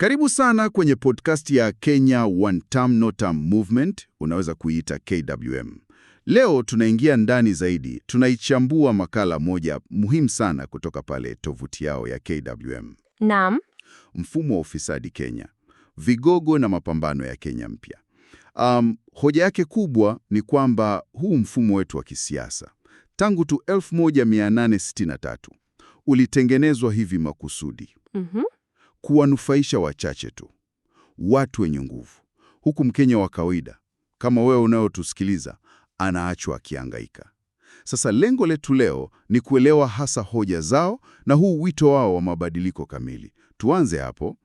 Karibu sana kwenye podcast ya Kenya One Term No Term Movement, unaweza kuiita KWM. Leo tunaingia ndani zaidi, tunaichambua makala moja muhimu sana kutoka pale tovuti yao ya KWM. Naam. Mfumo wa ufisadi Kenya, vigogo na mapambano ya Kenya mpya. Um, hoja yake kubwa ni kwamba huu mfumo wetu wa kisiasa tangu tu 1863 ulitengenezwa hivi makusudi. Mm -hmm kuwanufaisha wachache tu, watu wenye nguvu, huku Mkenya wa kawaida kama wewe unayotusikiliza anaachwa akiangaika. Sasa lengo letu leo ni kuelewa hasa hoja zao na huu wito wao wa mabadiliko kamili. Tuanze hapo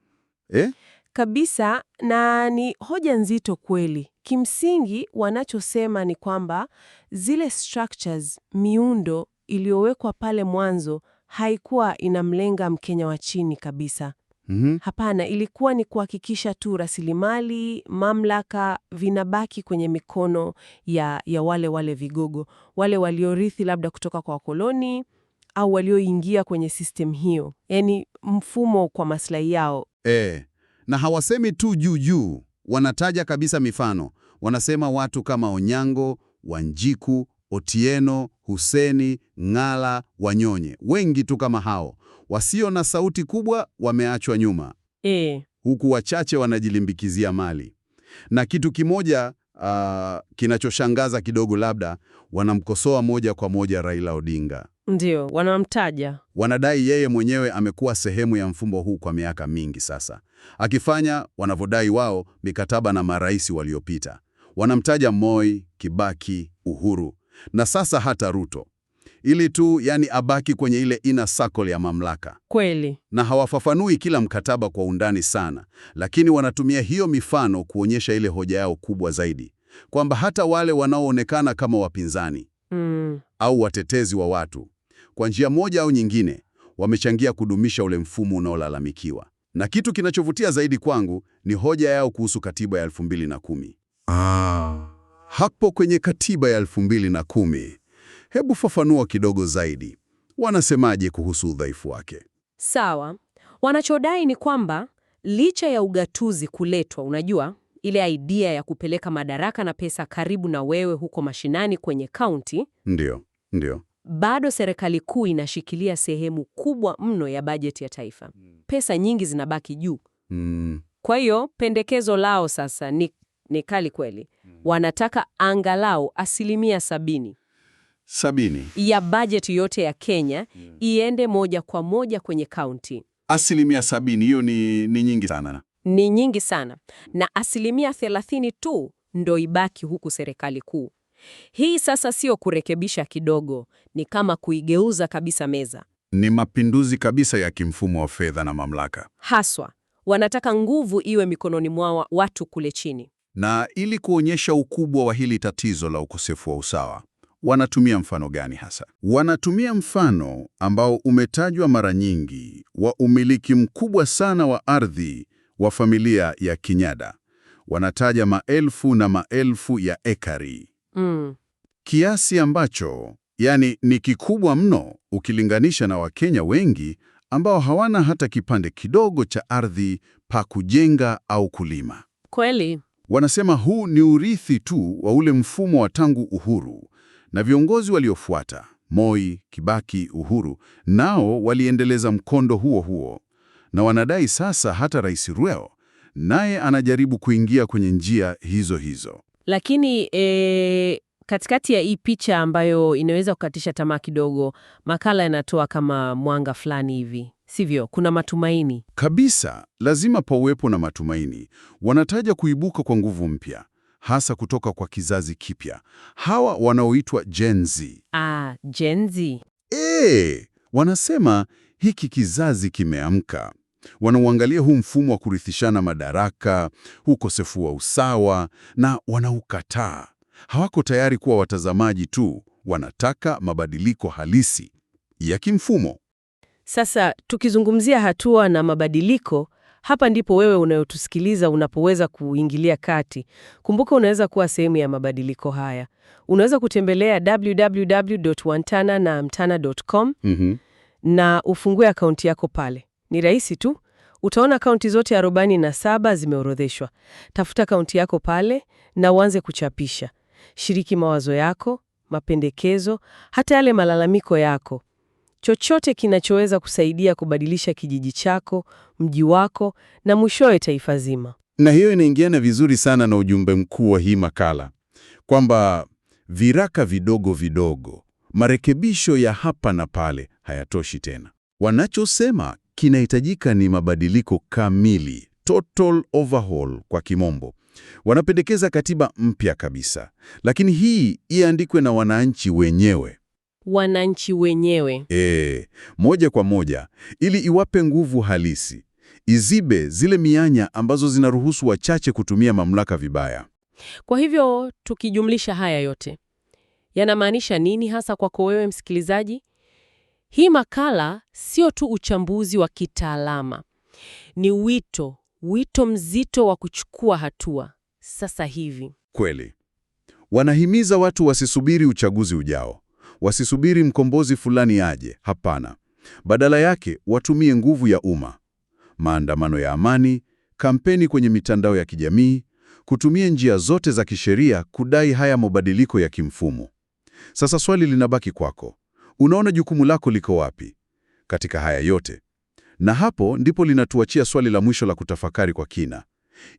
eh? Kabisa, na ni hoja nzito kweli. Kimsingi wanachosema ni kwamba zile structures, miundo iliyowekwa pale mwanzo haikuwa inamlenga Mkenya wa chini kabisa. Mm -hmm. Hapana, ilikuwa ni kuhakikisha tu rasilimali, mamlaka vinabaki kwenye mikono ya, ya wale wale vigogo wale waliorithi labda kutoka kwa wakoloni au walioingia kwenye system hiyo, yaani mfumo kwa maslahi yao. E, na hawasemi tu juu juu, wanataja kabisa mifano. Wanasema watu kama Onyango, Wanjiku, Otieno, Huseni, Ngala, Wanyonye, wengi tu kama hao Wasio na sauti kubwa wameachwa nyuma e, huku wachache wanajilimbikizia mali. Na kitu kimoja uh, kinachoshangaza kidogo, labda wanamkosoa moja kwa moja Raila Odinga. Ndio, wanamtaja, wanadai yeye mwenyewe amekuwa sehemu ya mfumo huu kwa miaka mingi sasa, akifanya wanavyodai wao mikataba na marais waliopita. Wanamtaja Moi, Kibaki, Uhuru na sasa hata Ruto ili tu yani abaki kwenye ile inner circle ya mamlaka. Kweli. Na hawafafanui kila mkataba kwa undani sana, lakini wanatumia hiyo mifano kuonyesha ile hoja yao kubwa zaidi, kwamba hata wale wanaoonekana kama wapinzani mm, au watetezi wa watu, kwa njia moja au nyingine, wamechangia kudumisha ule mfumo unaolalamikiwa. Na kitu kinachovutia zaidi kwangu ni hoja yao kuhusu katiba ya 2010. Ah. Hapo kwenye katiba ya 2010 Hebu fafanua kidogo zaidi, wanasemaje kuhusu udhaifu wake? Sawa, wanachodai ni kwamba licha ya ugatuzi kuletwa, unajua ile idea ya kupeleka madaraka na pesa karibu na wewe huko mashinani kwenye kaunti. Ndio, ndio bado serikali kuu inashikilia sehemu kubwa mno ya bajeti ya taifa. Pesa nyingi zinabaki juu mm. Kwa hiyo pendekezo lao sasa ni, ni kali kweli. Mm. Wanataka angalau asilimia sabini sabini ya bajeti yote ya Kenya yeah, iende moja kwa moja kwenye kaunti. Asilimia sabini, hiyo ni, ni nyingi sana, ni nyingi sana na asilimia thelathini tu ndo ibaki huku serikali kuu. Hii sasa sio kurekebisha kidogo, ni kama kuigeuza kabisa meza. Ni mapinduzi kabisa ya kimfumo wa fedha na mamlaka. Haswa wanataka nguvu iwe mikononi mwa watu kule chini, na ili kuonyesha ukubwa wa hili tatizo la ukosefu wa usawa wanatumia mfano gani hasa? Wanatumia mfano ambao umetajwa mara nyingi wa umiliki mkubwa sana wa ardhi wa familia ya Kinyada. Wanataja maelfu na maelfu ya ekari mm. Kiasi ambacho yani ni kikubwa mno ukilinganisha na Wakenya wengi ambao hawana hata kipande kidogo cha ardhi pa kujenga au kulima. Kweli wanasema huu ni urithi tu wa ule mfumo wa tangu uhuru na viongozi waliofuata Moi, Kibaki, Uhuru nao waliendeleza mkondo huo huo, na wanadai sasa hata Rais Ruto naye anajaribu kuingia kwenye njia hizo hizo. Lakini e, katikati ya hii picha ambayo inaweza kukatisha tamaa kidogo, makala yanatoa kama mwanga fulani hivi, sivyo? Kuna matumaini kabisa, lazima pauwepo na matumaini. Wanataja kuibuka kwa nguvu mpya hasa kutoka kwa kizazi kipya, hawa wanaoitwa Gen Z. Ah, Gen Z. E, wanasema hiki kizazi kimeamka. Wanauangalia huu mfumo wa kurithishana madaraka, ukosefu wa usawa, na wanaukataa. Hawako tayari kuwa watazamaji tu, wanataka mabadiliko halisi ya kimfumo. Sasa tukizungumzia hatua na mabadiliko, hapa ndipo wewe unayotusikiliza unapoweza kuingilia kati. Kumbuka, unaweza kuwa sehemu ya mabadiliko haya. Unaweza kutembelea www.wantanamtana.com mm -hmm. na ufungue akaunti yako pale. Ni rahisi tu. Utaona kaunti zote arobaini na saba zimeorodheshwa. Tafuta kaunti yako pale na uanze kuchapisha. Shiriki mawazo yako, mapendekezo, hata yale malalamiko yako chochote kinachoweza kusaidia kubadilisha kijiji chako, mji wako na mwishowe taifa zima. Na hiyo inaingiana vizuri sana na ujumbe mkuu wa hii makala kwamba viraka vidogo vidogo, marekebisho ya hapa na pale hayatoshi tena. Wanachosema kinahitajika ni mabadiliko kamili, total overhaul kwa kimombo. Wanapendekeza katiba mpya kabisa, lakini hii iandikwe na wananchi wenyewe wananchi wenyewe. E, moja kwa moja ili iwape nguvu halisi, izibe zile mianya ambazo zinaruhusu wachache kutumia mamlaka vibaya. Kwa hivyo tukijumlisha haya yote yanamaanisha nini hasa kwako wewe msikilizaji? Hii makala sio tu uchambuzi wa kitaalama, ni wito, wito mzito wa kuchukua hatua sasa hivi. Kweli wanahimiza watu wasisubiri uchaguzi ujao, wasisubiri mkombozi fulani aje. Hapana, badala yake watumie nguvu ya umma, maandamano ya amani, kampeni kwenye mitandao ya kijamii, kutumia njia zote za kisheria kudai haya mabadiliko ya kimfumo. Sasa swali linabaki kwako, unaona jukumu lako liko wapi katika haya yote? Na hapo ndipo linatuachia swali la mwisho la kutafakari kwa kina.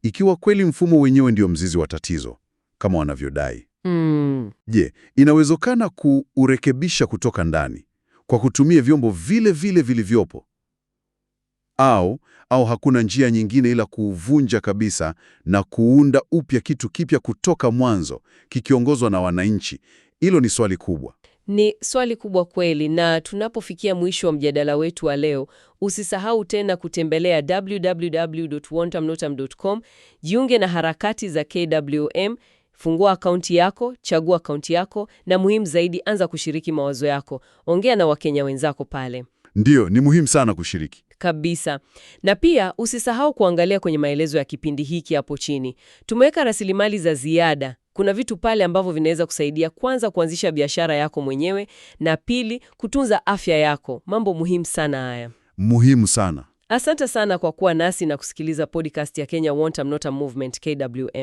Ikiwa kweli mfumo wenyewe ndio mzizi wa tatizo kama wanavyodai, Mm. Je, inawezekana kuurekebisha kutoka ndani kwa kutumia vyombo vile vile vilivyopo au au hakuna njia nyingine ila kuuvunja kabisa na kuunda upya kitu kipya kutoka mwanzo kikiongozwa na wananchi? Hilo ni swali kubwa. Ni swali kubwa kweli, na tunapofikia mwisho wa mjadala wetu wa leo, usisahau tena kutembelea www.wantamnotam.com, jiunge na harakati za KWM Fungua akaunti yako, chagua akaunti yako, na muhimu zaidi, anza kushiriki mawazo yako. Ongea na wakenya wenzako pale. ndio ni muhimu sana kushiriki kabisa. Na pia usisahau kuangalia kwenye maelezo ya kipindi hiki hapo chini, tumeweka rasilimali za ziada. Kuna vitu pale ambavyo vinaweza kusaidia, kwanza, kuanzisha biashara yako mwenyewe, na pili, kutunza afya yako. Mambo muhimu sana haya, muhimu sana. Asante sana kwa kuwa nasi na kusikiliza podcast ya Kenya Want Not Movement KWM.